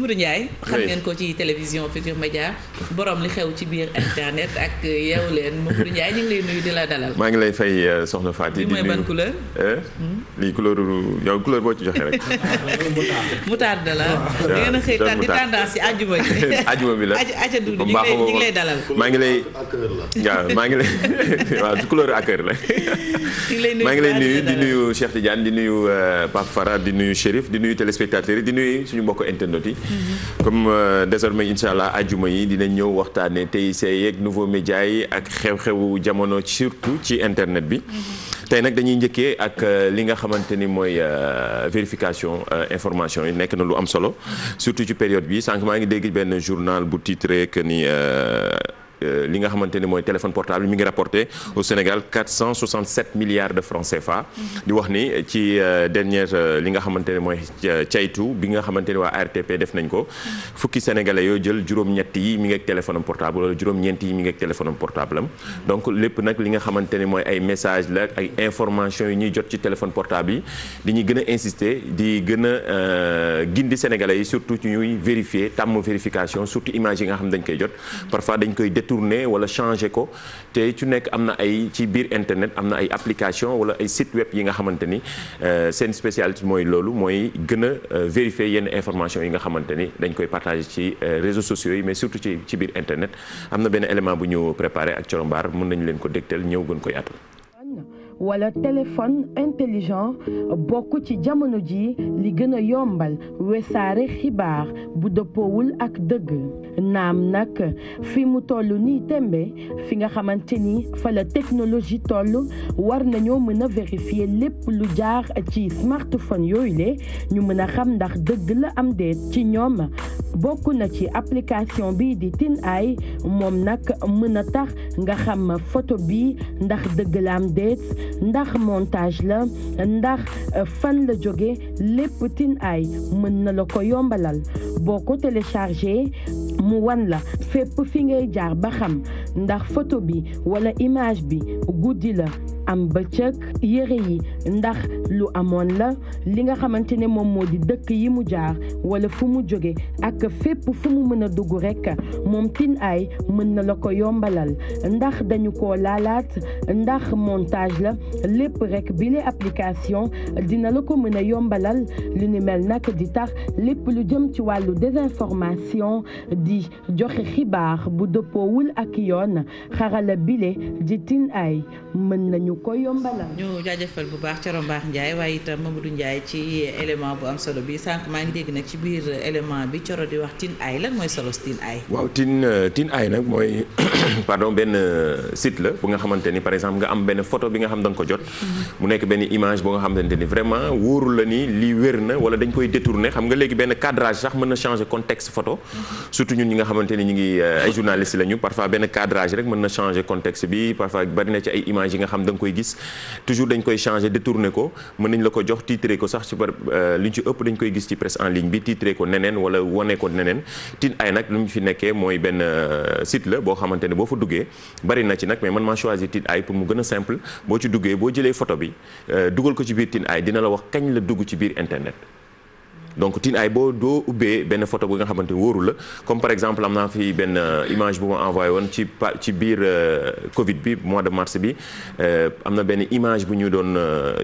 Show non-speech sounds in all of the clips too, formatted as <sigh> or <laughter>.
Mamadou Ndiaye. xam ngeen ko ci télévision Futur Média borom li xew ci biir internet ak yeewu leen Mamadou Ndiaye ñu ngi lay nuyu di la dalal. maa ngi lay fay euh, soxna Fatou. di nuyu lii mooy ban euh? hmm? couleur. boo ci joxe rek. <laughs> moutarde la. waaw da ngeen a yi <laughs> àjjuma bi la aca dund ñu ngi lay dalal. maa ngi lay waaw maa ngi lay <laughs> waaw couleur ak cœur la. maa ngi lay nuyu di nuyu Cheikh Tidiane di nuyu euh, Pape Farah di nuyu Chérif di nuyu téléspectateurs yi di nuyu suñu mbokk internet yi Mm-hmm. comme euh, désormais incha allah ajuma yi dinañ ñëw waxtaanee tey see yeeg nouveau média yi ak xew-xewu jamono surtout ci internet bi. Mm-hmm. tey nag dañuy njëkkee ak euh, li nga xamante ni mooy euh, vérification information yi nekk na lu am solo mm-hmm. surtout ci période bi sànq maa ngi dégg benn journal bu titre que ni. Euh, li nga xamante ne mooy téléphone portable mi ngi rapporté au Sénégal 467 milliards de francs CFA. di wax ni ci euh, dernière euh, li nga xamante ne mooy caytu bi nga xamante ne waa ARTP def nañ ko fukki sénégalais yoo jël juróom-ñett yi mi ngi ak téléphone portable wala juróom-ñeent yi mi ngi téléphone am portable am donc lépp nag li nga xamante ne mooy ay message la ay information yi ñuy jot ci téléphone portable yi dañuy gën a insister di gën a gindi sénégalais yi surtout ñuy vérifier tàmm vérification surtout image yi nga xam dañ koy jot détourner wala changer ko te ci nekk am na ay ci biir internet am na ay application wala ay site web yi nga xamante ni euh, seen spécialité mooy loolu mooy gën a euh, vérifier yenn information yi nga xamante ni dañ koy partager ci euh, réseaux sociaux yi mais surtout ci ci biir internet am na benn élément bu ñëw préparé ak corombaar mën nañu leen ko dégtal ñëw gën ko atal wala téléphone intelligent bokk ci jamono ji li gën a yombal wesaare xibaar bu dëppoowul ak dëgg naam nag fi mu toll nii tembe fi nga xamante ni fa la technologie toll war nañoo mën a vérifier lépp lu jaar ci smartphone yooyu le ñu mën a xam ndax dëgg la am déet ci ñoom bokk na ci application bii di tin TinEye moom nag mën a tax nga xam photo bii ndax dëgg la am déet ndax montage la ndax euh, fan la jóge lépp tin ay mën na la ko yombalal boo ko téléchargé mu wan la fépp fi ngay jaar ba xam ndax foto bi wala image bi guddi la am bëccëg yére yi ndax lu amoon la li nga xamante ne moom moo di dëkk yi mu jaar wala fu mu jóge ak fépp fu mën a dugg rek moom tin ay mën na la ko yombalal ndax dañu ko lalaat ndax montage la lépp rek bi le application dina la ko mën a yombalal li ni mel nag di tax lépp lu jëm ci wàllu désinformation di joxe xibaar bu dëppoowul ak yoon xarala bile di tin ay mën nañu ko yombalal. ñu jaajëfal bu baax Coro Mbaax Ndiaye waaye itam Mamadou Ndiaye ci élément bu am solo bi sànq maa ngi dégg nag ci biir élément bi Coro di wax tin ay lan mooy solo tin ay. waaw tin euh, tin ay nag mooy <coughs> pardon benn euh, site la bu nga xamante ni par exemple nga am benn photo bi nga xam da nga ko jot. Mm-hmm. mu nekk benn image boo nga xamante ni vraiment wóoru la ni lii wér na wala dañ koy détourné xam nga léegi benn cadrage sax mën na changer contexte photo. Mm-hmm. surtout ñun ñi nga xamante ni ñu ngi euh, ay journalistes lañu parfois benn na changer contexte bi parfois bari na ci yi xam koy gis toujours dañ koy changer détourner ko mën nañ la ko jox titrer ko sax ci par euh, li ñu ci ëpp dañ koy gis ci presse en ligne bi titrer ko neneen wala wane ko neneen tin ay nag lu mu fi nekkee mooy benn euh, sit la boo xamante ne boo fa duggee bari na ci nag mais man maa choisir tin ay pour mu gën a simple boo ci duggee boo jëlee photo bi euh, dugal ko ci biir tin ay dina la wax kañ la dugg ci biir internet donc tin ay boo doo ubbee benn photo bu nga xamante ni wóoru la comme par exemple am naa fi benn euh, image bu ma envoyé woon ci ci biir euh, Covid bi mois de mars bi euh, am na benn image bu ñu doon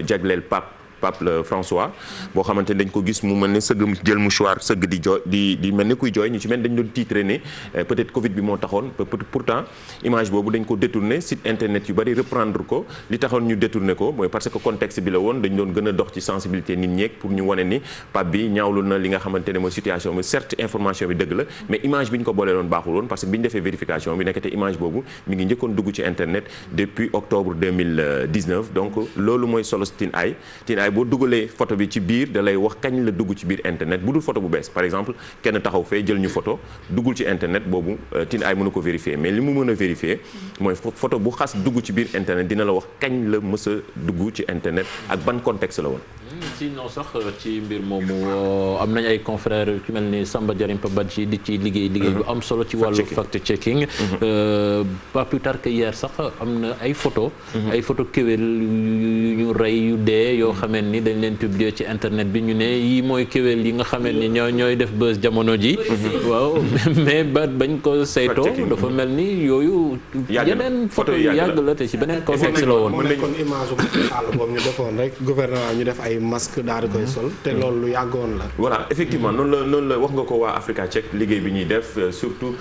jagleel Pape Pape François boo xamante ne dañ ko gis mu mel ne sëgg jël mouchoir sëgg di jooy di di mel ni kuy jooy ñu ci mel dañ doon titre ne eh, peut-être Covid bi moo taxoon pourtant image boobu dañ ko détourné site internet yu bari reprendre ko li taxoon ñu détourné ko mooy parce que contexte bi la woon dañ doon gën a dox ci sensibilité nit ñeeg pour ñu wane ni Pape bi ñaawlu na li nga xamante ne mooy situation bi certes information bi dëgg la mais image bi ñu ko mooy solo saay boo dugalee photo bi ci biir dalay wax kañ la dugg ci biir internet bu dul photo bu bees par exemple kenn taxaw fee jël ñu photo duggul ci internet boobu euh, tin ay mënu ko vérifier mais li mu mën a vérifier mooy photo bu xas dugg ci biir internet dina la wax kañ la mës a dugg ci internet ak ban contexte la woon si non sax ci mbir moomu euh, am nañ ay confrères ku mel ni Samba Diarimpa Badji di ci liggéey liggéey bu am solo ci wàllu fact checking mhm. euh, pas plus tard que hier sax am na ay photo mhm. ay photo kéwél yu ñu rey yu dee yoo mhm. xamee ni dañ leen publier ci internet bi ñu ne yi mooy kéwél yi nga xamee ni ñoo ñooy def buzz jamono ji <laughs> waaw mais ba bañ ko saytoo dafa mel ni yooyu yeneen photo yu yàgg la te ci beneen contexte la woon ay masque daal di koy mhm. sol te mhm. loolu lu yàggoon la voilà effectivement noonu la noonu la wax nga ko waa Africa Check liggéey bi ñuy def euh, surtout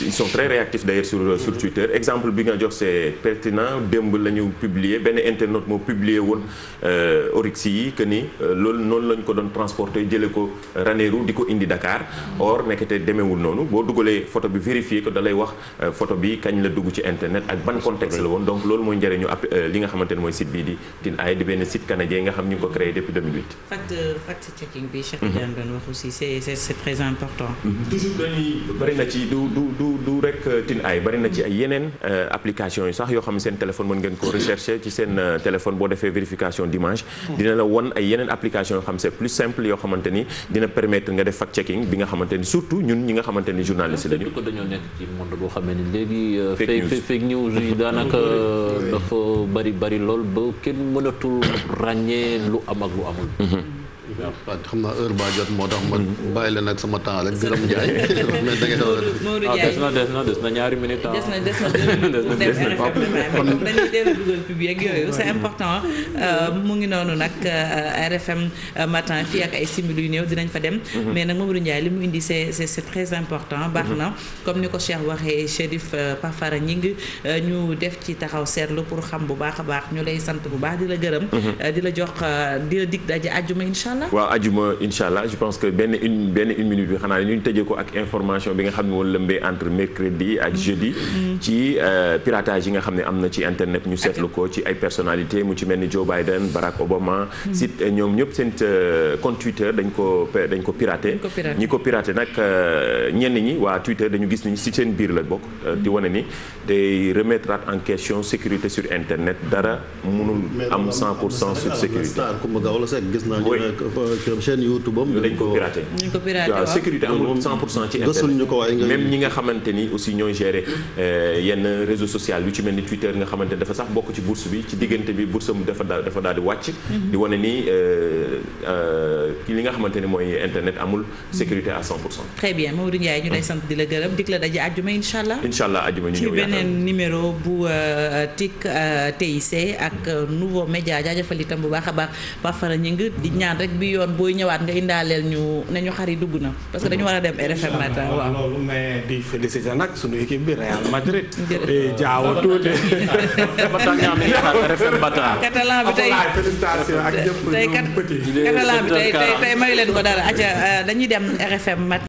ils sont très réactifs d'ailleurs euh, sur Twitter exemple bi nga jox c'est pertinent démb la ñu benn internaute moo publier woon euh, orix yi que ni loolu noonu lañ ko doon transporter jëlee ko Ranérou di ko indi Dakar or nekkete demeewul noonu boo dugalee photo bi vérifier ko da lay wax photo bi kañ la dugg ci internet ak ban contexte la woon donc loolu depuis 2008. fact fact checking bi Cheikh mhm. Tidiane doon wax aussi c'est c'est très important. Mhm. na ci du du du du rek euh, ay yeneen euh, application yi sax yoo xam ne seen téléphone mën ngeen ko rechercher ci seen euh, téléphone boo defee vérification d'image. dina la won ay yeneen application yoo xam c'est plus simple yoo xamante dina permettre nga def fact checking bi nga xamante surtout ñun ñi nga xamante ni lañu. ko xam ne léegi. fake news fake news yi daanaka <laughs> dafa bari bari lool ba kenn mënatul ràññee ak lu amul mhm. waaw xam naa heure ba jot moo tax ma bàyyi leen ak sama temps rek Biram Ndiaye. mais dañuy teel a dugal pub yooyu c'est important mu ngi noonu nag RFM matin fii ak ay simili yu néew dinañ fa dem. mais nag Mamadou Ndiaye li mu indi c'est c'est très important. baax na comme ni ko Cheikh waxee Chérif Pafara ñi ngi ñu def ci taxaw seetlu pour xam bu baax a baax ñu lay sant bu baax di la gërëm. di la jox di la dig daje waaw ajuma incha allah je pense que benn une benn une minute bi xanaa ñu teje ko ak information bi nga xam ne woon lëmbee entre mercredi ak jeudi. Mm-hmm. ci euh, piratage yi nga xam ne am na ci internet ñu seetlu ko ci ay personnalité mu ci mel ni Joe Biden Barack Obama. Mm-hmm. site euh, ñoom ñëpp seen euh, compte Twitter dañ ko dañ ko piraté. ñi ko piraté nag ñenn ñi waa Twitter dañu gis ni si seen biir la bokk. di mm-hmm. wane ni day remettre en question sécurité sur internet dara mënul am 100 pour sur sécurité. Euh, chaîne YouTube am. dañ ko piraté dañ ko ci ñi nga xamante aussi ñooy gérer euh, yenn réseau social yu ci mel ni Twitter nga xamante ni dafa sax bokk ci bourse bi ci diggante bi bourse dafa daal di wàcc. Mm-hmm. di wane ni euh, li nga xamante ni mooy internet amul sécurité à 100 pour cent. très bien Mamadou Ndiaye ñu lay sant di la gërëm la daje àjjuma incha allah. incha allah àjjuma ñu ñëw yaakaar ci bu TIC TIC ak Nouveau Média jaajëfal itam bu baax a baax Pafara ñu ngi di ñaan rek. bi yoon booy ñëwaat nga indaaleel ñu nañu xar yi dugg na. parce que dañu war a dem RFM matin waaw loolu mais di féliciter nag sunu équipe bi Real Madrid. jërëjëf tuuti. catalan bi tey tey mayu leen ko dara aca euh, dañuy dem RFM matin.